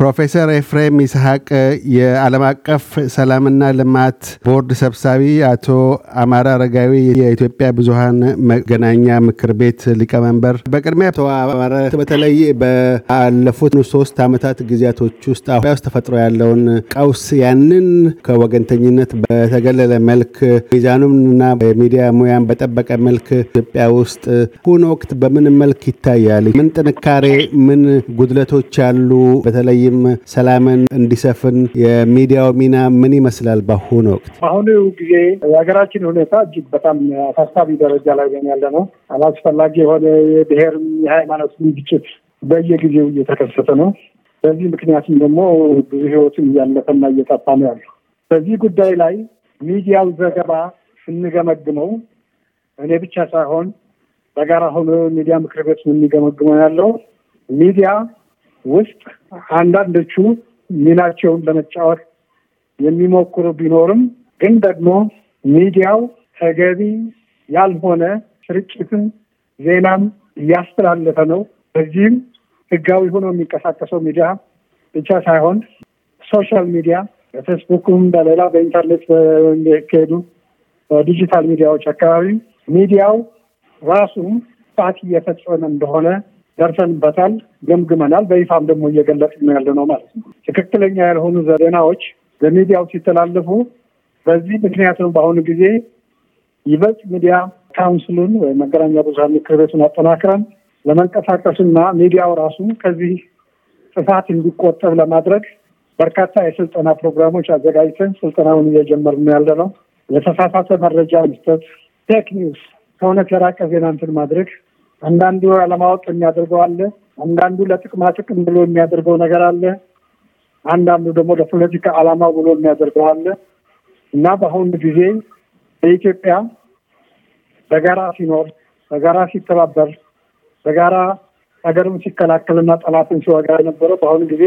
ፕሮፌሰር ኤፍሬም ይስሐቅ የዓለም አቀፍ ሰላምና ልማት ቦርድ ሰብሳቢ፣ አቶ አማራ አረጋዊ የኢትዮጵያ ብዙሃን መገናኛ ምክር ቤት ሊቀመንበር። በቅድሚያ አቶ አማራ፣ በተለይ ባለፉት ሶስት ዓመታት ጊዜያቶች ውስጥ ኢትዮጵያ ውስጥ ተፈጥሮ ያለውን ቀውስ ያንን ከወገንተኝነት በተገለለ መልክ ሚዛኑንና የሚዲያ ሙያን በጠበቀ መልክ ኢትዮጵያ ውስጥ ሁን ወቅት በምን መልክ ይታያል? ምን ጥንካሬ፣ ምን ጉድለቶች አሉ? በተለይ በተለይም ሰላምን እንዲሰፍን የሚዲያው ሚና ምን ይመስላል? በአሁኑ ወቅት በአሁኑ ጊዜ የሀገራችን ሁኔታ እጅግ በጣም አሳሳቢ ደረጃ ላይ ገን ያለ ነው። አላስፈላጊ የሆነ የብሔር የሃይማኖት ግጭት በየጊዜው እየተከሰተ ነው። በዚህ ምክንያትም ደግሞ ብዙ ህይወትም እያለፈና እየጠፋ ነው ያለው። በዚህ ጉዳይ ላይ ሚዲያው ዘገባ ስንገመግመው እኔ ብቻ ሳይሆን በጋራ ሆኖ ሚዲያ ምክር ቤት የሚገመግመው ያለው ሚዲያ ውስጥ አንዳንዶቹ ሚናቸውን ለመጫወት የሚሞክሩ ቢኖርም ግን ደግሞ ሚዲያው ተገቢ ያልሆነ ስርጭትን፣ ዜናም እያስተላለፈ ነው። በዚህም ህጋዊ ሆኖ የሚንቀሳቀሰው ሚዲያ ብቻ ሳይሆን ሶሻል ሚዲያ በፌስቡክም በሌላ በኢንተርኔት የሚካሄዱ በዲጂታል ሚዲያዎች አካባቢ ሚዲያው ራሱም ጥፋት እየፈጸመ እንደሆነ ደርሰንበታል፣ ገምግመናል። በይፋም ደግሞ እየገለጽን ያለ ነው ማለት ነው። ትክክለኛ ያልሆኑ ዜናዎች በሚዲያው ሲተላለፉ በዚህ ምክንያት ነው በአሁኑ ጊዜ ይበልጥ ሚዲያ ካውንስሉን ወይም መገናኛ ብዙሃን ምክር ቤቱን አጠናክረን ለመንቀሳቀስና ሚዲያው ራሱ ከዚህ ጥፋት እንዲቆጠብ ለማድረግ በርካታ የስልጠና ፕሮግራሞች አዘጋጅተን ስልጠናውን እየጀመርን ያለ ነው። የተሳሳተ መረጃ መስጠት፣ ፌክ ኒውስ፣ ከእውነት የራቀ ዜና እንትን ማድረግ አንዳንዱ አለማወቅ የሚያደርገው አለ። አንዳንዱ ለጥቅማ ጥቅም ብሎ የሚያደርገው ነገር አለ። አንዳንዱ ደግሞ ለፖለቲካ ዓላማ ብሎ የሚያደርገው አለ እና በአሁኑ ጊዜ በኢትዮጵያ በጋራ ሲኖር፣ በጋራ ሲተባበር፣ በጋራ ሀገርም ሲከላከልና ጠላትን ሲወጋ የነበረው በአሁኑ ጊዜ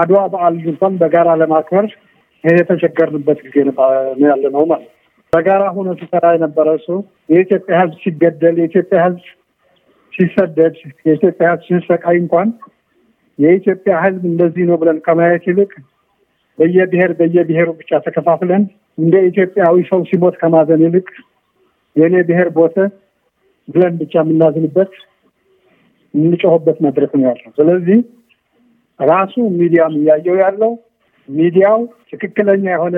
አድዋ በዓል እንኳን በጋራ ለማክበር የተቸገርንበት ጊዜ ያለ ነው ማለት በጋራ ሆኖ ሲሰራ የነበረ ሰው የኢትዮጵያ ሕዝብ ሲገደል የኢትዮጵያ ሕዝብ ሲሰደድ የኢትዮጵያ ሕዝብ ሲሰቃይ እንኳን የኢትዮጵያ ሕዝብ እንደዚህ ነው ብለን ከማየት ይልቅ በየብሔር በየብሔሩ ብቻ ተከፋፍለን እንደ ኢትዮጵያዊ ሰው ሲሞት ከማዘን ይልቅ የእኔ ብሔር ቦተ ብለን ብቻ የምናዝንበት የምንጮህበት መድረክ ነው ያለው። ስለዚህ ራሱ ሚዲያም እያየው ያለው ሚዲያው ትክክለኛ የሆነ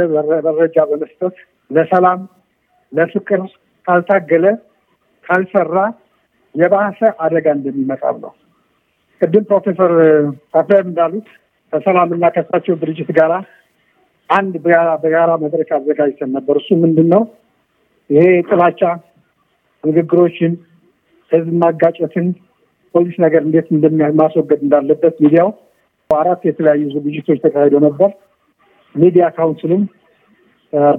መረጃ በመስጠት ለሰላም ለፍቅር ካልታገለ ካልሰራ የባሰ አደጋ እንደሚመጣም ነው። ቅድም ፕሮፌሰር አፍሬም እንዳሉት ከሰላምና ከሳቸው ድርጅት ጋራ አንድ በጋራ መድረክ አዘጋጅተን ነበር። እሱ ምንድን ነው ይሄ የጥላቻ ንግግሮችን ህዝብ ማጋጨትን ፖሊስ ነገር እንዴት ማስወገድ እንዳለበት ሚዲያው አራት የተለያዩ ዝግጅቶች ተካሂዶ ነበር። ሚዲያ ካውንስልም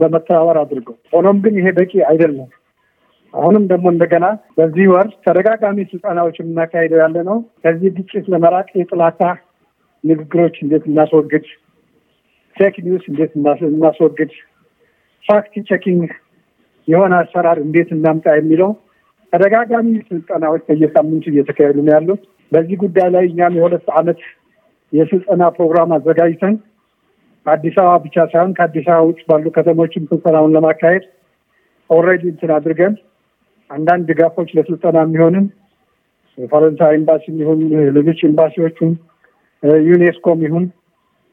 በመተባበር አድርገው። ሆኖም ግን ይሄ በቂ አይደለም። አሁንም ደግሞ እንደገና በዚህ ወር ተደጋጋሚ ስልጠናዎች የምናካሄደው ያለ ነው። ከዚህ ግጭት ለመራቅ የጥላቻ ንግግሮች እንዴት እናስወግድ፣ ፌክ ኒውስ እንዴት እናስወግድ፣ ፋክት ቼኪንግ የሆነ አሰራር እንዴት እናምጣ የሚለው ተደጋጋሚ ስልጠናዎች በየሳምንቱ እየተካሄዱ ነው ያሉት። በዚህ ጉዳይ ላይ እኛም የሁለት ዓመት የስልጠና ፕሮግራም አዘጋጅተን አዲስ አበባ ብቻ ሳይሆን ከአዲስ አበባ ውጭ ባሉ ከተሞችም ስልጠናውን ለማካሄድ ኦልሬዲ እንትን አድርገን አንዳንድ ድጋፎች ለስልጠና የሚሆንን የፈረንሳይ ኤምባሲ ይሁን ሌሎች ኤምባሲዎቹን ዩኔስኮም ይሁን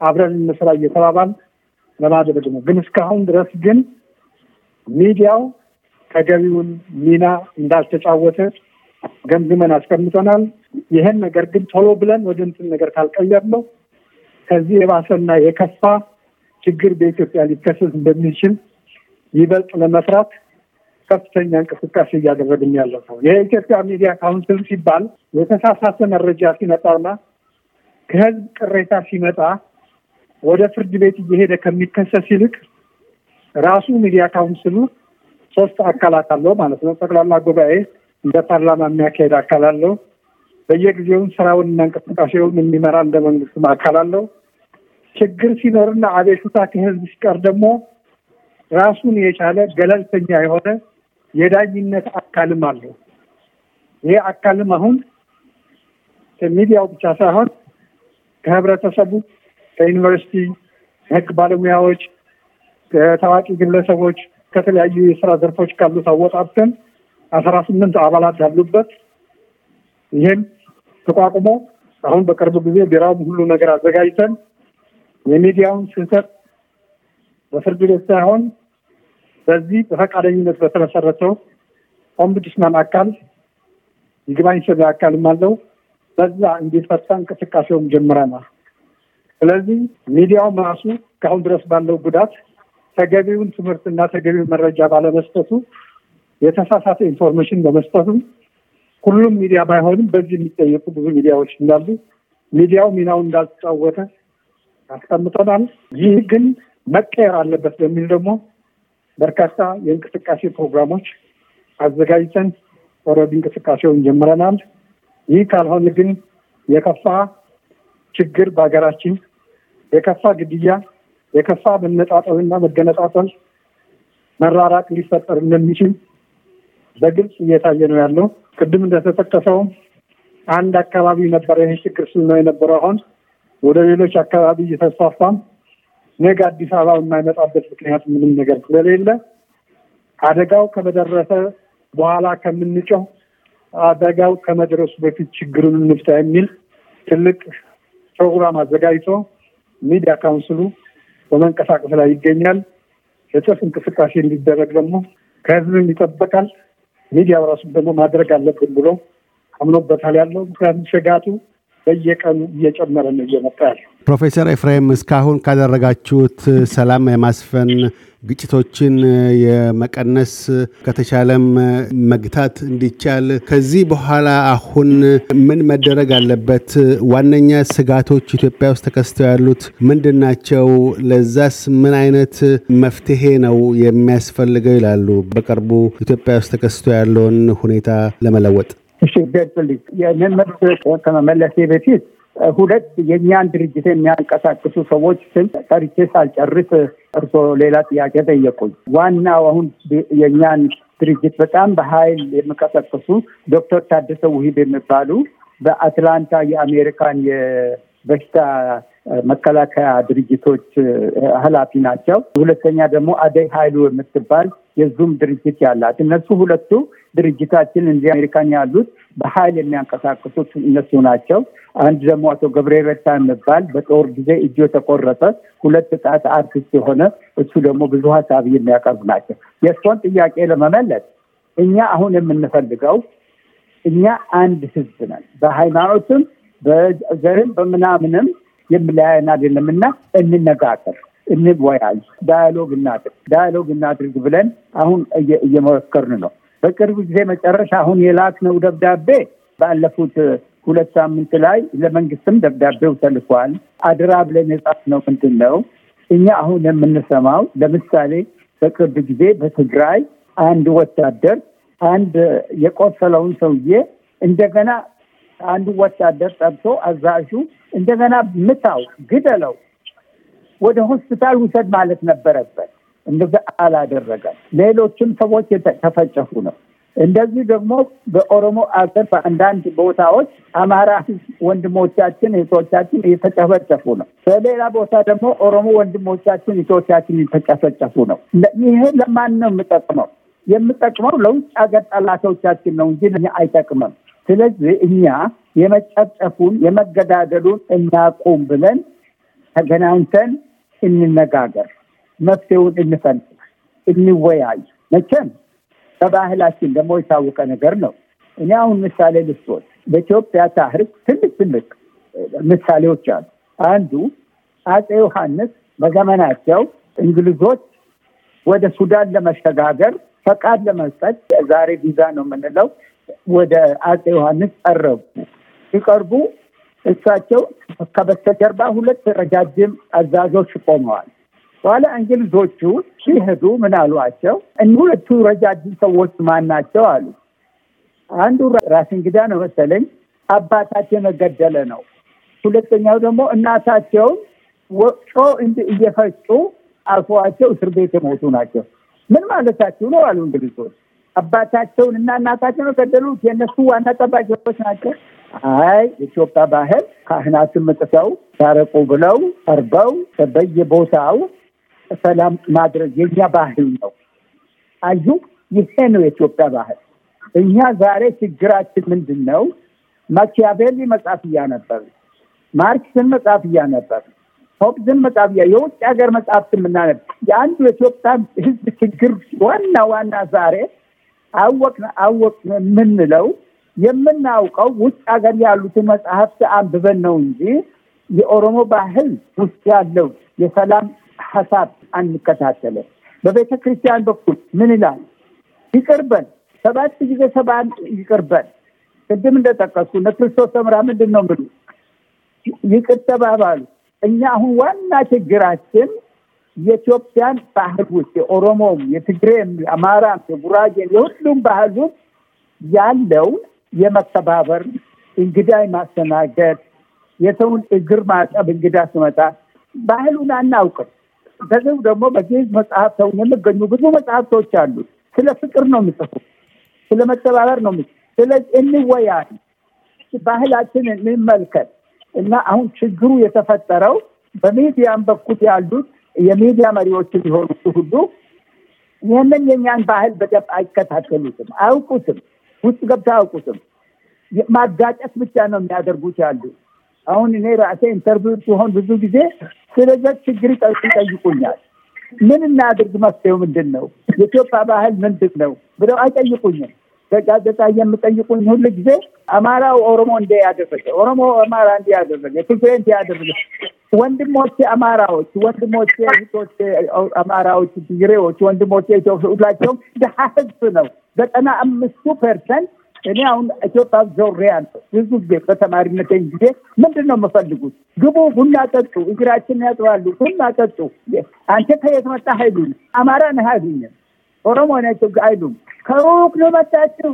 አብረን እንስራ እየተባባል ለማድረግ ነው። ግን እስካሁን ድረስ ግን ሚዲያው ተገቢውን ሚና እንዳልተጫወተ ገምግመን አስቀምጠናል። ይህን ነገር ግን ቶሎ ብለን ወደ እንትን ነገር ካልቀየርነው ከዚህ የባሰና የከፋ ችግር በኢትዮጵያ ሊከሰት እንደሚችል ይበልጥ ለመስራት ከፍተኛ እንቅስቃሴ እያደረግን ያለ ሰው የኢትዮጵያ ሚዲያ ካውንስል ሲባል የተሳሳተ መረጃ ሲመጣና ከህዝብ ቅሬታ ሲመጣ ወደ ፍርድ ቤት እየሄደ ከሚከሰስ ይልቅ ራሱ ሚዲያ ካውንስሉ ሶስት አካላት አለው ማለት ነው። ጠቅላላ ጉባኤ እንደ ፓርላማ የሚያካሄድ አካል አለው። በየጊዜውን ስራውንና እንቅስቃሴውን የሚመራ እንደ መንግስትም አካል አለው። ችግር ሲኖርና አቤቱታ ከህዝብ ሲቀር ደግሞ ራሱን የቻለ ገለልተኛ የሆነ የዳኝነት አካልም አለው። ይህ አካልም አሁን ከሚዲያው ብቻ ሳይሆን ከህብረተሰቡ፣ ከዩኒቨርሲቲ፣ ከህግ ባለሙያዎች፣ ከታዋቂ ግለሰቦች፣ ከተለያዩ የስራ ዘርፎች ካሉት አወጣብተን አስራ ስምንት አባላት ያሉበት ይህም ተቋቁሞ አሁን በቅርብ ጊዜ ቢራውም ሁሉ ነገር አዘጋጅተን የሚዲያውን ስህተት በፍርድ ቤት ሳይሆን በዚህ በፈቃደኝነት በተመሰረተው ኦምቡድስማን አካል ይግባኝ ሰሚ አካልም አለው። በዛ እንዲፈታ እንቅስቃሴውም ጀምረናል። ስለዚህ ሚዲያውም ራሱ ከአሁን ድረስ ባለው ጉዳት ተገቢውን ትምህርትና ተገቢውን መረጃ ባለመስጠቱ የተሳሳተ ኢንፎርሜሽን በመስጠቱም ሁሉም ሚዲያ ባይሆንም በዚህ የሚጠየቁ ብዙ ሚዲያዎች እንዳሉ ሚዲያው ሚናውን እንዳልተጫወተ አስቀምጠናል። ይህ ግን መቀየር አለበት በሚል ደግሞ በርካታ የእንቅስቃሴ ፕሮግራሞች አዘጋጅተን ኦልሬዲ እንቅስቃሴውን ጀምረናል። ይህ ካልሆን ግን የከፋ ችግር በሀገራችን የከፋ ግድያ፣ የከፋ መነጣጠልና መገነጣጠል፣ መራራቅ ሊፈጠር እንደሚችል በግልጽ እየታየ ነው ያለው። ቅድም እንደተጠቀሰው አንድ አካባቢ ነበረ ይህ ችግር ስል ነው የነበረው አሁን ወደ ሌሎች አካባቢ እየተስፋፋም ነገ አዲስ አበባ የማይመጣበት ምክንያት ምንም ነገር ስለሌለ አደጋው ከመደረሰ በኋላ ከምንጮህ አደጋው ከመድረሱ በፊት ችግሩን እንፍታ የሚል ትልቅ ፕሮግራም አዘጋጅቶ ሚዲያ ካውንስሉ በመንቀሳቀስ ላይ ይገኛል። እጥፍ እንቅስቃሴ እንዲደረግ ደግሞ ከህዝብም ይጠበቃል። ሚዲያው ራሱ ደግሞ ማድረግ አለብን ብሎ አምኖበታል ያለው ምክንያቱም ስጋቱ በየቀኑ እየጨመረ ነው እየመጣ ያለው። ፕሮፌሰር ኤፍሬም እስካሁን ካደረጋችሁት ሰላም የማስፈን ግጭቶችን የመቀነስ ከተቻለም መግታት እንዲቻል ከዚህ በኋላ አሁን ምን መደረግ አለበት? ዋነኛ ስጋቶች ኢትዮጵያ ውስጥ ተከስተው ያሉት ምንድን ናቸው? ለዛስ ምን አይነት መፍትሄ ነው የሚያስፈልገው ይላሉ? በቅርቡ ኢትዮጵያ ውስጥ ተከስቶ ያለውን ሁኔታ ለመለወጥ። እሺ፣ ገጽልኝ ይህንን መልስ ከመመለሴ በፊት ሁለት የእኛን ድርጅት የሚያንቀሳቅሱ ሰዎች ስም ጠርቼ ሳልጨርስ እርሶ ሌላ ጥያቄ ጠየቁኝ። ዋናው አሁን የእኛን ድርጅት በጣም በኃይል የሚቀሰቅሱ ዶክተር ታደሰ ውሂብ የሚባሉ በአትላንታ የአሜሪካን የበሽታ መከላከያ ድርጅቶች ኃላፊ ናቸው። ሁለተኛ ደግሞ አደይ ኃይሉ የምትባል የዙም ድርጅት ያላት እነሱ ሁለቱ ድርጅታችን እንዲህ አሜሪካን ያሉት በሀይል የሚያንቀሳቅሱት እነሱ ናቸው። አንድ ደግሞ አቶ ገብረ ረታ የሚባል በጦር ጊዜ እጁ የተቆረጠ ሁለት ጣት አርቲስት የሆነ እሱ ደግሞ ብዙ ሀሳብ የሚያቀርቡ ናቸው። የእሷን ጥያቄ ለመመለስ እኛ አሁን የምንፈልገው እኛ አንድ ህዝብ ነን። በሃይማኖትም በዘርም በምናምንም የምለያየን አይደለም እና እንነጋገር፣ እንወያይ፣ ዳያሎግ እናድርግ ዳያሎግ እናድርግ ብለን አሁን እየመከርን ነው። በቅርብ ጊዜ መጨረሻ አሁን የላክነው ደብዳቤ ባለፉት ሁለት ሳምንት ላይ ለመንግስትም ደብዳቤው ተልኳል። አድራ ብለን የጻፍነው ምንድን ነው? እኛ አሁን የምንሰማው ለምሳሌ በቅርብ ጊዜ በትግራይ አንድ ወታደር አንድ የቆሰለውን ሰውዬ እንደገና አንዱ ወታደር ጠብቶ አዛዡ እንደገና ምታው፣ ግደለው፣ ወደ ሆስፒታል ውሰድ ማለት ነበረበት። እንደዛ አላደረጋል። ሌሎችም ሰዎች የተፈጨፉ ነው። እንደዚህ ደግሞ በኦሮሞ አገር በአንዳንድ ቦታዎች አማራ ወንድሞቻችን እህቶቻችን እየተጨፈጨፉ ነው። በሌላ ቦታ ደግሞ ኦሮሞ ወንድሞቻችን እህቶቻችን እየተጨፈጨፉ ነው። ይሄ ለማን ነው የምጠቅመው? የምጠቅመው ለውጭ ሀገር ጠላቶቻችን ነው እንጂ ለኛ አይጠቅምም። ስለዚህ እኛ የመጨፍጨፉን የመገዳደሉን እናቁም ብለን ተገናኝተን እንነጋገር። መፍትሄውን እንፈልግ፣ እንወያይ። መቼም በባህላችን ደግሞ የታወቀ ነገር ነው። እኔ አሁን ምሳሌ ልስቶት በኢትዮጵያ ታሪክ ትልቅ ትልቅ ምሳሌዎች አሉ። አንዱ አፄ ዮሐንስ በዘመናቸው እንግሊዞች ወደ ሱዳን ለመሸጋገር ፈቃድ ለመስጠት ዛሬ ቪዛ ነው የምንለው ወደ አፄ ዮሐንስ ቀረቡ። ሲቀርቡ እሳቸው ከበስተጀርባ ሁለት ረጃጅም አዛዦች ቆመዋል። በኋላ እንግሊዞቹ ሲሄዱ ምን አሏቸው? እኒ ሁለቱ ረጃጅም ሰዎች ማን ናቸው አሉ። አንዱ ራስ እንግዳ ነው መሰለኝ አባታቸው የመገደለ ነው። ሁለተኛው ደግሞ እናታቸውን ወጮ እየፈጩ አልፈዋቸው እስር ቤት የሞቱ ናቸው። ምን ማለታችሁ ነው አሉ እንግሊዞች። አባታቸውን እና እናታቸውን የገደሉት የእነሱ ዋና ጠባቂዎች ናቸው። አይ የኢትዮጵያ ባህል ካህናትን መጥተው ታረቁ ብለው ቀርበው በየቦታው ሰላም ማድረግ የኛ ባህል ነው። አዩ ይሄ ነው የኢትዮጵያ ባህል። እኛ ዛሬ ችግራችን ምንድን ነው? ማኪያቬሊ መጽሐፍ እያነበብን፣ ማርክስን መጽሐፍ እያነበብን፣ ሆብዝን መጽሐፍ እያ የውጭ ሀገር መጽሐፍት የምናነብ የአንዱ የኢትዮጵያ ሕዝብ ችግር ዋና ዋና ዛሬ አወቅ አወቅ የምንለው የምናውቀው ውጭ ሀገር ያሉትን መጽሐፍት አንብበን ነው እንጂ የኦሮሞ ባህል ውስጥ ያለው የሰላም ሀሳብ አንከታተለ። በቤተ ክርስቲያን በኩል ምን ይላል? ይቅርበን፣ ሰባት ጊዜ ሰብአን ይቅርበን። ቅድም እንደጠቀስኩ ክርስቶስ ተምራ ምንድን ነው ምሉ ይቅር ተባባሉ። እኛ አሁን ዋና ችግራችን የኢትዮጵያን ባህል ውስጥ የኦሮሞም፣ የትግሬም፣ የአማራም፣ የጉራጌም የሁሉም ባህል ውስጥ ያለው የመከባበር እንግዳ ማስተናገድ፣ የሰውን እግር ማጠብ፣ እንግዳ ስመጣ ባህሉን አናውቅም። ከዚሁ ደግሞ በዚህ መጽሐፍ ሰው የሚገኙ ብዙ መጽሐፍቶች አሉ። ስለ ፍቅር ነው የሚጽፉ፣ ስለ መተባበር ነው የሚ ስለዚህ እንወያይ፣ ባህላችን እንመልከት እና አሁን ችግሩ የተፈጠረው በሚዲያም በኩት ያሉት የሚዲያ መሪዎች ሊሆኑ ሁሉ ይህንን የኛን ባህል በደንብ አይከታተሉትም፣ አያውቁትም፣ ውስጥ ገብታ አያውቁትም። ማጋጨት ብቻ ነው የሚያደርጉት ያሉት አሁን እኔ ራሴ ኢንተርቪው ሲሆን ብዙ ጊዜ ስለዛ ችግር ይጠይቁኛል። ምን እናድርግ? መፍትሄው ምንድን ነው? የኢትዮጵያ ባህል ምንድን ነው ብለው አይጠይቁኝም። በጋዜጣ የምጠይቁኝ ሁሉ ጊዜ አማራው ኦሮሞ እንደ ያደረገ ኦሮሞ አማራ እንዲ ያደረገ ትግሬ እንዲ ያደረገ ወንድሞቼ አማራዎች፣ ወንድሞቼ እህቶቼ አማራዎች፣ ትግሬዎች ወንድሞቼ ሁላቸውም ድሀ ህዝብ ነው። ዘጠና አምስቱ ፐርሰንት እኔ አሁን ኢትዮጵያ ዞሬ ያለው ብዙ ጊዜ በተማሪነት ጊዜ ምንድን ነው የምፈልጉት? ግቡ፣ ቡና ጠጡ፣ እግራችን ያጥባሉ፣ ቡና ጠጡ። አንተ ከየት መጣህ አይሉኝ፣ አማራ ነህ አይሉኝም፣ ኦሮሞ ነህ አይሉም። ከሩቅ ነው መጣችሁ፣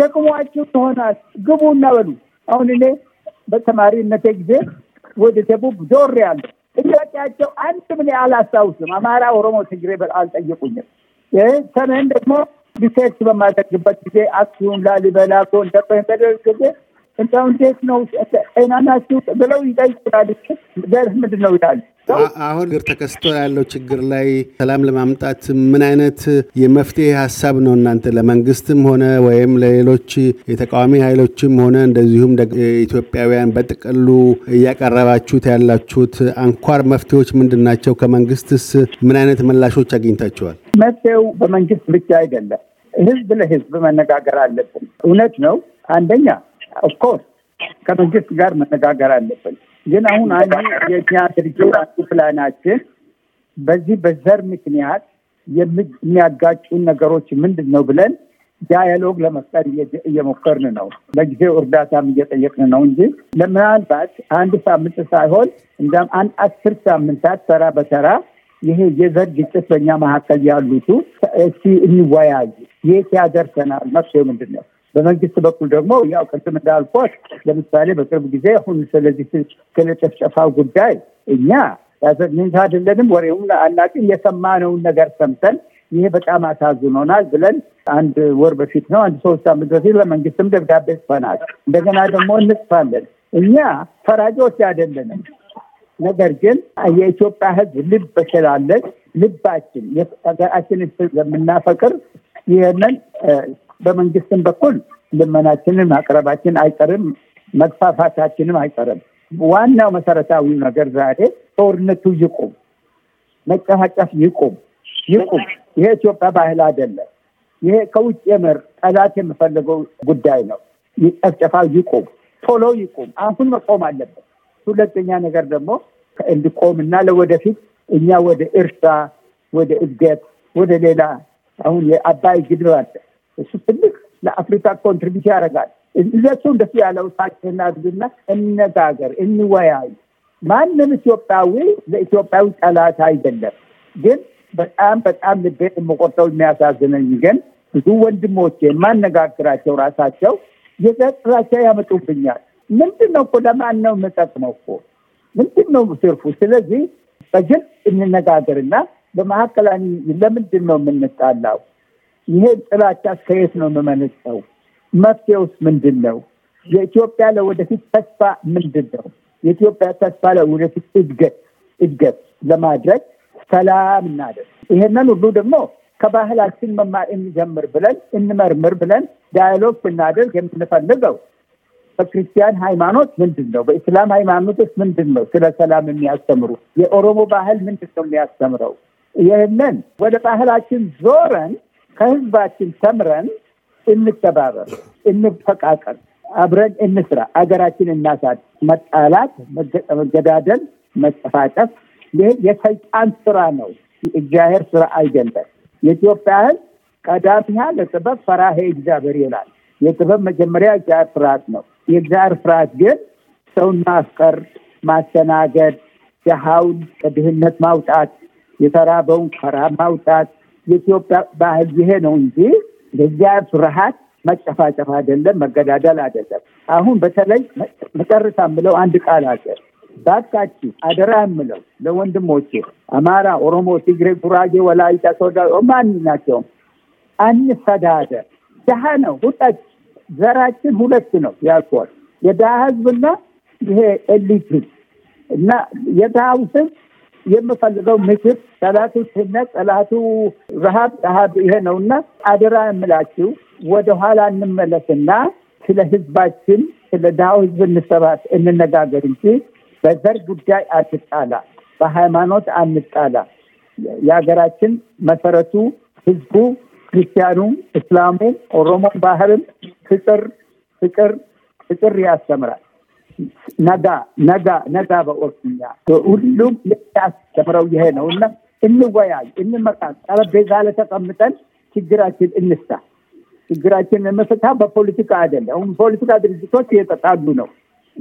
ደቅሟችሁ ይሆናል፣ ግቡ እናበሉ። አሁን እኔ በተማሪነት ጊዜ ወደ ደቡብ ዞር ያለው ጥያቄያቸው አንድ ምን አላስታውስም። አማራ፣ ኦሮሞ፣ ትግሬ አልጠየቁኝም። ሰሜን ደግሞ ሪሰርች በማደርግበት ጊዜ አክሲዮን ላሊበላ፣ ጎንደር በሚበደርግ ጊዜ እንደው እንዴት ነው ጤናናችሁ ብለው ይጠይቁናል። ዘርፍ ምንድን ነው ይላል። አሁን ግር ተከስቶ ያለው ችግር ላይ ሰላም ለማምጣት ምን አይነት የመፍትሄ ሀሳብ ነው እናንተ ለመንግስትም ሆነ ወይም ለሌሎች የተቃዋሚ ኃይሎችም ሆነ እንደዚሁም ኢትዮጵያውያን በጥቅሉ እያቀረባችሁት ያላችሁት አንኳር መፍትሄዎች ምንድን ናቸው? ከመንግስትስ ምን አይነት ምላሾች አግኝታችኋል? መፍትሄው በመንግስት ብቻ አይደለም። ህዝብ ለህዝብ መነጋገር አለብን። እውነት ነው። አንደኛ ኦፍኮርስ ከመንግስት ጋር መነጋገር አለብን። ግን አሁን አንዱ የኛ ድርጅት አንዱ ፕላናችን በዚህ በዘር ምክንያት የሚያጋጩን ነገሮች ምንድን ነው ብለን ዳያሎግ ለመፍጠር እየሞከርን ነው። ለጊዜው እርዳታም እየጠየቅን ነው እንጂ ለምናልባት አንድ ሳምንት ሳይሆን እንደም አንድ አስር ሳምንታት ተራ በተራ ይሄ የዘር ግጭት በእኛ መካከል ያሉቱ እስቲ እንወያዩ የት ያደርሰናል? መፍትሄው ምንድን ነው? በመንግስት በኩል ደግሞ ያው ቅድም እንዳልኳት ለምሳሌ በቅርብ ጊዜ አሁን ስለዚህ ስለ ጨፍጨፋ ጉዳይ እኛ ምንት አይደለንም፣ ወሬውን አናውቅም። የሰማነውን ነገር ሰምተን ይሄ በጣም አሳዝኖናል ብለን አንድ ወር በፊት ነው አንድ ሶስት አመት በፊት ለመንግስትም ደብዳቤ ጽፈናል። እንደገና ደግሞ እንጽፋለን። እኛ ፈራጆች አይደለንም። ነገር ግን የኢትዮጵያ ሕዝብ ልብ ስላለን ልባችን ሀገራችን ስለምናፈቅር ይህንን በመንግስትም በኩል ልመናችንን ማቅረባችን አይቀርም፣ መግፋፋታችንም አይቀርም። ዋናው መሰረታዊ ነገር ዛሬ ጦርነቱ ይቁም፣ መጨፋጨፍ ይቁም ይቁም። ይሄ ኢትዮጵያ ባህል አይደለም። ይሄ ከውጭ የምር ጠላት የምፈልገው ጉዳይ ነው። ይጨፍጨፋው ይቁም፣ ቶሎ ይቁም። አሁን መቆም አለበት። ሁለተኛ ነገር ደግሞ እንዲቆም እና ለወደፊት እኛ ወደ እርሻ፣ ወደ እድገት፣ ወደ ሌላ አሁን የአባይ ግድብ አለ። እሱ ትልቅ ለአፍሪካ ኮንትሪቢዩት ያደርጋል። እነሱ እንደሱ ያለው ሳችና ግድና እነጋገር፣ እንወያዩ። ማንም ኢትዮጵያዊ ለኢትዮጵያዊ ጠላት አይደለም። ግን በጣም በጣም ልቤ የምቆርጠው የሚያሳዝነኝ ግን ብዙ ወንድሞች የማነጋግራቸው ራሳቸው የዘር ያመጡብኛል። ምንድን ነው እኮ ለማን ነው የምጠቅመው እኮ ምንድን ነው ትርፉ? ስለዚህ በግልጽ እንነጋገርና በመካከላዊ ለምንድን ነው የምንጣላው? ይሄን ጥላቻ ከየት ነው የምመነጨው? መፍትሄውስ ምንድን ነው? የኢትዮጵያ ለወደፊት ተስፋ ምንድን ነው? የኢትዮጵያ ተስፋ ለወደፊት እድገት እድገት ለማድረግ ሰላም እናደርግ። ይሄንን ሁሉ ደግሞ ከባህላችን መማር እንጀምር ብለን እንመርምር ብለን ዳያሎግ ብናደርግ የምንፈልገው በክርስቲያን ሃይማኖት ምንድን ነው? በኢስላም ሃይማኖት ውስጥ ምንድን ነው ስለ ሰላም የሚያስተምሩ? የኦሮሞ ባህል ምንድን ነው የሚያስተምረው? ይህንን ወደ ባህላችን ዞረን ከህዝባችን ተምረን እንተባበር፣ እንፈቃቀር፣ አብረን እንስራ፣ አገራችን እናሳድ። መጣላት፣ መገዳደል፣ መጨፋጨፍ ይህ የሰይጣን ስራ ነው፣ እግዚአብሔር ስራ አይደለም። የኢትዮጵያ ህዝብ ቀዳሚያ ለጥበብ ፈራሄ እግዚአብሔር ይላል። የጥበብ መጀመሪያ እግዚአብሔር ፍርሃት ነው። የእግዚአብሔር ፍርሃት ግን ሰውን ማፍቀር፣ ማስተናገድ፣ ድሃውን ከድህነት ማውጣት የተራበውን ከራ ማውጣት የኢትዮጵያ ባህል ይሄ ነው እንጂ ለዚያ ፍርሃት መጨፋጨፍ አይደለም፣ መገዳደል አይደለም። አሁን በተለይ መጨረሻ የምለው አንድ ቃል አለ። ባካችሁ አደራ የምለው ለወንድሞቼ አማራ፣ ኦሮሞ፣ ትግሬ፣ ጉራጌ፣ ወላይታ፣ ሶዳ ማንኛቸውም አንሰዳደር። ድሀ ነው ሁለት ዘራችን ሁለት ነው ያኮል የድሀ ህዝብና ይሄ ኤሊት እና የድሀው ህዝብ የምፈልገው ምክር ጠላቱ ስነ ጠላቱ ረሃብ፣ ረሃብ ይሄ ነው እና አደራ የምላችሁ ወደኋላ እንመለስና ስለ ህዝባችን ስለ ድሃው ህዝብ እንሰባት እንነጋገር እንጂ በዘር ጉዳይ አትጣላ፣ በሃይማኖት አንጣላ። የሀገራችን መሰረቱ ህዝቡ ክርስቲያኑ፣ እስላሙ፣ ኦሮሞ ባህርም ፍቅር ፍቅር ፍቅር ያስተምራል። ነጋ ነጋ ነጋ በኦርትኛ ሁሉም ያስተምረው ይሄ ነው እና እንወያይ፣ እንመጣ፣ ጠረጴዛ ላይ ተቀምጠን ችግራችን እንስታ። ችግራችን የምንፈታ በፖለቲካ አይደለም። ፖለቲካ ድርጅቶች እየተጣሉ ነው።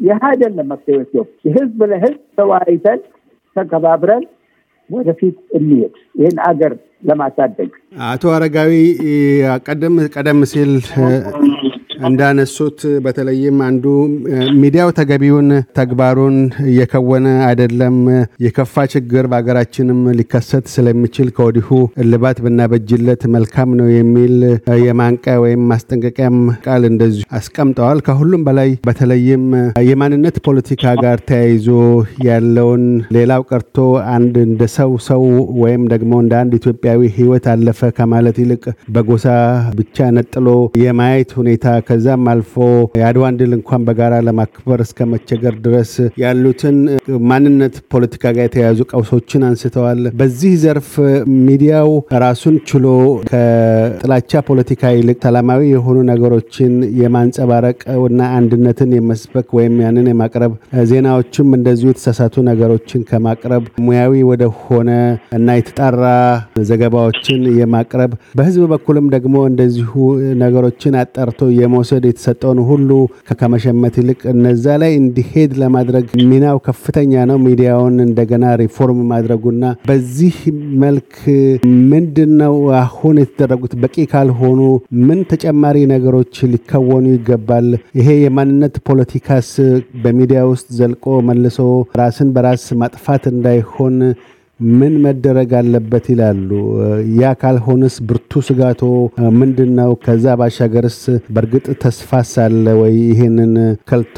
ይህ አይደለም መፍትሄው። የህዝብ ለህዝብ ተወያይተን ተከባብረን ወደፊት እንሄድ ይህን አገር ለማሳደግ። አቶ አረጋዊ ቀደም ቀደም ሲል እንዳነሱት በተለይም አንዱ ሚዲያው ተገቢውን ተግባሩን እየከወነ አይደለም፣ የከፋ ችግር በሀገራችንም ሊከሰት ስለሚችል ከወዲሁ እልባት ብናበጅለት መልካም ነው የሚል የማንቂያ ወይም ማስጠንቀቂያም ቃል እንደዚሁ አስቀምጠዋል። ከሁሉም በላይ በተለይም የማንነት ፖለቲካ ጋር ተያይዞ ያለውን ሌላው ቀርቶ አንድ እንደ ሰው ሰው ወይም ደግሞ እንደ አንድ ኢትዮጵያዊ ሕይወት አለፈ ከማለት ይልቅ በጎሳ ብቻ ነጥሎ የማየት ሁኔታ ከዛም አልፎ የአድዋን ድል እንኳን በጋራ ለማክበር እስከ መቸገር ድረስ ያሉትን ማንነት ፖለቲካ ጋር የተያያዙ ቀውሶችን አንስተዋል። በዚህ ዘርፍ ሚዲያው ራሱን ችሎ ከጥላቻ ፖለቲካ ይልቅ ሰላማዊ የሆኑ ነገሮችን የማንጸባረቅ እና አንድነትን የመስበክ ወይም ያንን የማቅረብ ዜናዎችም እንደዚሁ የተሳሳቱ ነገሮችን ከማቅረብ ሙያዊ ወደሆነ እና የተጣራ ዘገባዎችን የማቅረብ በህዝብ በኩልም ደግሞ እንደዚሁ ነገሮችን አጣርቶ የመ ለመውሰድ የተሰጠውን ሁሉ ከመሸመት ይልቅ እነዛ ላይ እንዲሄድ ለማድረግ ሚናው ከፍተኛ ነው። ሚዲያውን እንደገና ሪፎርም ማድረጉና በዚህ መልክ ምንድን ነው አሁን የተደረጉት በቂ ካልሆኑ ምን ተጨማሪ ነገሮች ሊከወኑ ይገባል? ይሄ የማንነት ፖለቲካስ በሚዲያ ውስጥ ዘልቆ መልሶ ራስን በራስ ማጥፋት እንዳይሆን ምን መደረግ አለበት ይላሉ? ያ ካልሆንስ ብርቱ ስጋቶ ምንድን ነው? ከዛ ባሻገርስ በእርግጥ ተስፋስ አለ ወይ? ይህንን ከልቶ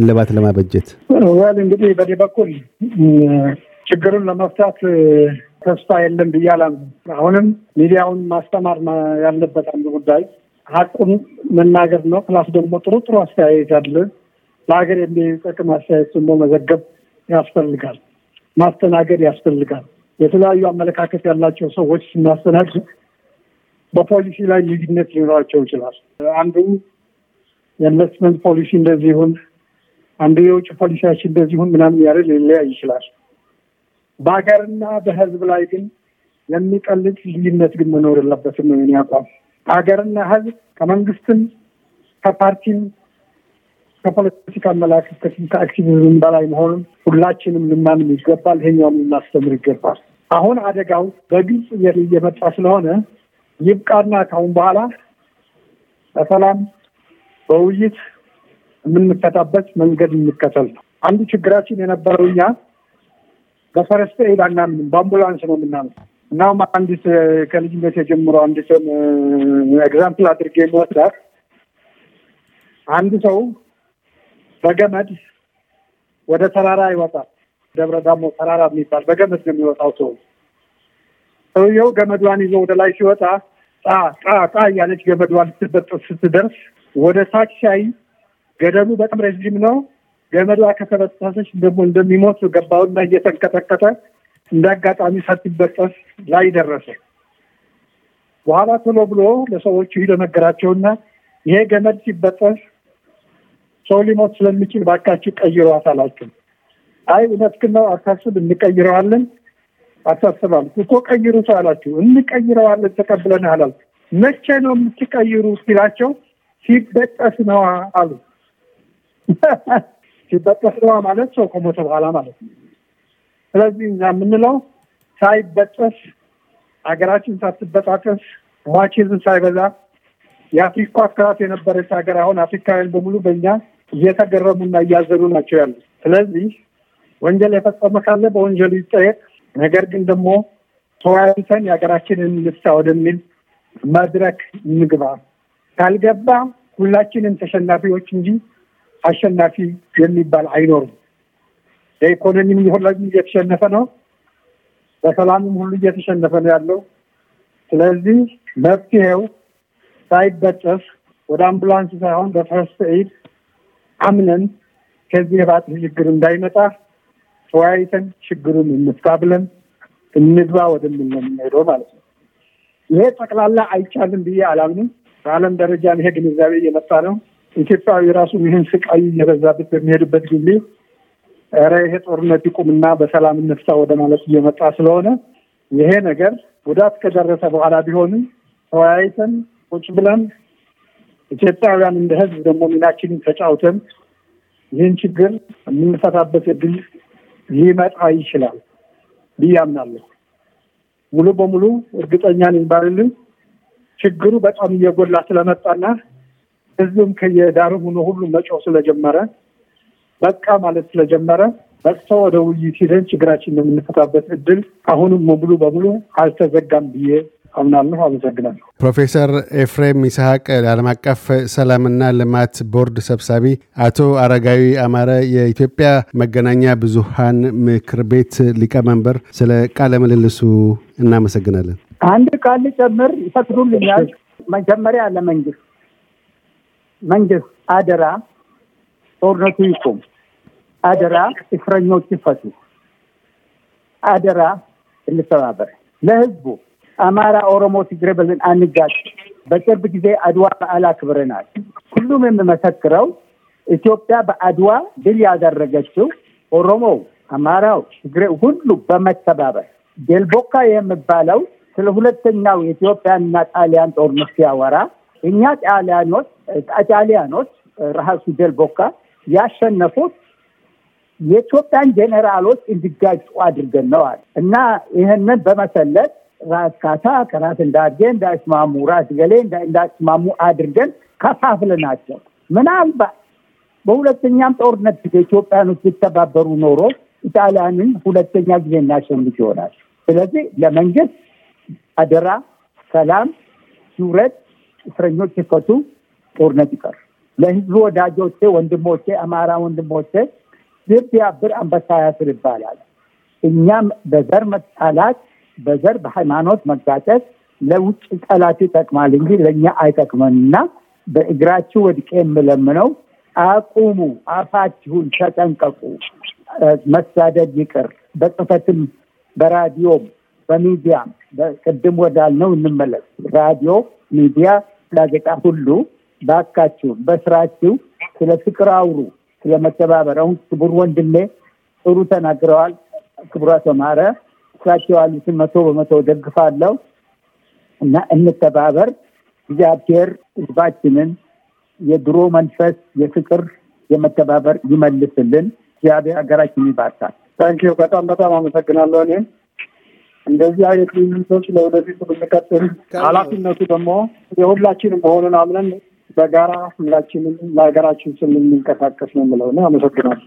እልባት ለማበጀት እንግዲህ በዚህ በኩል ችግሩን ለመፍታት ተስፋ የለም ብዬ አሁንም ሚዲያውን ማስተማር ያለበት አንዱ ጉዳይ ሀቁን መናገር ነው። ፕላስ ደግሞ ጥሩ ጥሩ አስተያየት አለ። ለሀገር የሚጠቅም አስተያየት ደግሞ መዘገብ ያስፈልጋል። ማስተናገድ ያስፈልጋል። የተለያዩ አመለካከት ያላቸው ሰዎች ስናስተናግድ በፖሊሲ ላይ ልዩነት ሊኖራቸው ይችላል። አንዱ የኢንቨስትመንት ፖሊሲ እንደዚህ ይሁን፣ አንዱ የውጭ ፖሊሲያችን እንደዚህ ይሁን ምናምን ያለ ሊለያይ ይችላል። በሀገርና በህዝብ ላይ ግን የሚቀልጥ ልዩነት ግን መኖር የለበትም ነው የእኔ አቋም። ሀገርና ህዝብ ከመንግስትም ከፓርቲም ከፖለቲካ አመለካከት ከአክቲቪዝም በላይ መሆኑን ሁላችንም ልማንም ይገባል። ይሄኛውም ልናስተምር ይገባል። አሁን አደጋው በግልጽ እየመጣ ስለሆነ ይብቃና ካሁን በኋላ በሰላም በውይይት የምንፈታበት መንገድ እንከተል። አንዱ ችግራችን የነበረው እኛ በፈረስተ ኤድ አናምንም፣ በአምቡላንስ ነው የምናምን እናም አንዲት ከልጅነት የጀምሮ አንድ ሰው ኤግዛምፕል አድርጌ የሚወስዳት አንድ ሰው በገመድ ወደ ተራራ ይወጣል። ደብረ ዳሞ ተራራ የሚባል በገመድ ነው የሚወጣው ሰው። ሰውየው ገመዷን ይዞ ወደ ላይ ሲወጣ ጣ ጣ ጣ እያለች ገመዷን ልትበጠስ ስትደርስ ወደ ታች ሲያይ ገደሉ በጣም ረዥም ነው። ገመዷ ከተበጠሰች ደግሞ እንደሚሞት ገባውና እየተንቀጠቀጠ እንደ አጋጣሚ ሳትበጠስ ላይ ደረሰ። በኋላ ቶሎ ብሎ ለሰዎቹ ይደነገራቸውና ይሄ ገመድ ሲበጠስ ሰው ሊሞት ስለሚችል ባካችሁ ቀይረዋት አላችሁ። አይ እውነትህን ነው አታስብ፣ እንቀይረዋለን አታስባል እኮ ሰው አላችሁ። እንቀይረዋለን ተቀብለን አላችሁ። መቼ ነው የምትቀይሩ ሲላቸው ሲበጠስ ነዋ አሉ። ሲበጠስ ነዋ ማለት ሰው ከሞተ በኋላ ማለት ነው። ስለዚህ እኛ የምንለው ሳይበጠስ ሀገራችን ሳትበጣጠስ ሟች ሳይበዛ የአፍሪካ ክራት የነበረች ሀገር አሁን አፍሪካውያን በሙሉ በእኛ እየተገረሙና እያዘኑ ናቸው ያሉ። ስለዚህ ወንጀል የፈጸመ ካለ በወንጀሉ ይጠየቅ። ነገር ግን ደግሞ ተወያይተን የሀገራችንን እንፍታ ወደሚል መድረክ እንግባ። ካልገባ ሁላችንም ተሸናፊዎች እንጂ አሸናፊ የሚባል አይኖርም። የኢኮኖሚም ሁሉም እየተሸነፈ ነው፣ በሰላምም ሁሉ እየተሸነፈ ነው ያለው። ስለዚህ መፍትሄው ሳይበጠስ ወደ አምቡላንስ ሳይሆን በፈርስት አምነን ከዚህ የባጥን ችግር እንዳይመጣ ተወያይተን ችግሩን እንፍታ ብለን እንግባ ወደሚል ነው የምንሄደው ማለት ነው። ይሄ ጠቅላላ አይቻልም ብዬ አላምንም። በዓለም ደረጃ ይሄ ግንዛቤ እየመጣ ነው። ኢትዮጵያዊ ራሱ ይህን ስቃይ እየበዛበት በሚሄድበት ጊዜ ኧረ ይሄ ጦርነት ይቁምና በሰላም እንፍታ ወደ ማለት እየመጣ ስለሆነ ይሄ ነገር ጉዳት ከደረሰ በኋላ ቢሆንም ተወያይተን ቁጭ ብለን ኢትዮጵያውያን እንደ ህዝብ ደግሞ ሚናችንን ተጫውተን ይህን ችግር የምንፈታበት እድል ሊመጣ ይችላል ብዬ አምናለሁ። ሙሉ በሙሉ እርግጠኛ ነኝ ባልልም ችግሩ በጣም እየጎላ ስለመጣና ህዝብም ከየዳር ሆኖ ሁሉ መጮህ ስለጀመረ በቃ ማለት ስለጀመረ በቅቶ ወደ ውይይት ሂደን ችግራችን የምንፈታበት እድል አሁንም ሙሉ በሙሉ አልተዘጋም ብዬ አምናለሁ። አመሰግናለሁ። ፕሮፌሰር ኤፍሬም ይስሐቅ ለዓለም አቀፍ ሰላምና ልማት ቦርድ ሰብሳቢ፣ አቶ አረጋዊ አማረ የኢትዮጵያ መገናኛ ብዙሃን ምክር ቤት ሊቀመንበር፣ ስለ ቃለ ምልልሱ እናመሰግናለን። አንድ ቃል ጨምር ይፈቅዱልኛል? መጀመሪያ ለመንግስት መንግስት አደራ ጦርነቱ ይቁም፣ አደራ እስረኞች ይፈቱ፣ አደራ እንተባበር ለህዝቡ አማራ፣ ኦሮሞ፣ ትግሬ ብለን አንጋጭ። በቅርብ ጊዜ አድዋ በዓል አክብረናል። ሁሉም የምመሰክረው ኢትዮጵያ በአድዋ ድል ያደረገችው ኦሮሞ፣ አማራው፣ ትግሬ ሁሉ በመተባበር ዴልቦካ የሚባለው ስለ ሁለተኛው የኢትዮጵያና ጣሊያን ጦርነት ሲያወራ እኛ ጣሊያኖች ጣሊያኖች ራሱ ዴልቦካ ያሸነፉት የኢትዮጵያን ጄኔራሎች እንዲጋጩ አድርገን ነዋል እና ይህንን በመሰለት ራስ ካሳ ከራስ እንዳርጌ እንዳይስማሙ፣ ራስ ገሌ እንዳይስማሙ አድርገን ከፋፍለናቸው ምናልባት በሁለተኛም ጦርነት ጊዜ ውስጥ ሲተባበሩ ኖሮ ኢጣሊያንን ሁለተኛ ጊዜ እናሸንፍ ይሆናል። ስለዚህ ለመንግስት አደራ፣ ሰላም ሱረት፣ እስረኞች ይፈቱ፣ ጦርነት ይቀር። ለህዝቡ ወዳጆቼ፣ ወንድሞቼ፣ አማራ ወንድሞቼ ልብ ያብር አንበሳ ያስር ይባላል። እኛም በዘር መጣላት በዘር በሃይማኖት መጋጨት ለውጭ ጠላት ይጠቅማል እንጂ ለእኛ አይጠቅመን እና በእግራችሁ ወድቄ የምለምነው አቁሙ፣ አፋችሁን ተጠንቀቁ። መሳደድ ይቅር። በጽህፈትም፣ በራዲዮም፣ በሚዲያም ቅድም ወዳልነው እንመለስ። ራዲዮ፣ ሚዲያ፣ ጋዜጣ ሁሉ ባካችሁ በስራችሁ ስለ ፍቅር አውሩ፣ ስለ መተባበር። አሁን ክቡር ወንድሜ ጥሩ ተናግረዋል። ክቡራ ተማረ እሳቸው ያሉትን መቶ በመቶ ደግፋለሁ እና እንተባበር። እግዚአብሔር ህዝባችንን የድሮ መንፈስ የፍቅር የመተባበር ይመልስልን። እግዚአብሔር ሀገራችን ይባርካል። ታንኪዩ። በጣም በጣም አመሰግናለሁ። እኔም እንደዚህ አይነት ልዩነቶች ለወደፊቱ ብንቀጥል ኃላፊነቱ ደግሞ የሁላችንም መሆኑን አምነን በጋራ ሁላችንም ለሀገራችን ስም የሚንቀሳቀስ ነው የምለው። አመሰግናለሁ።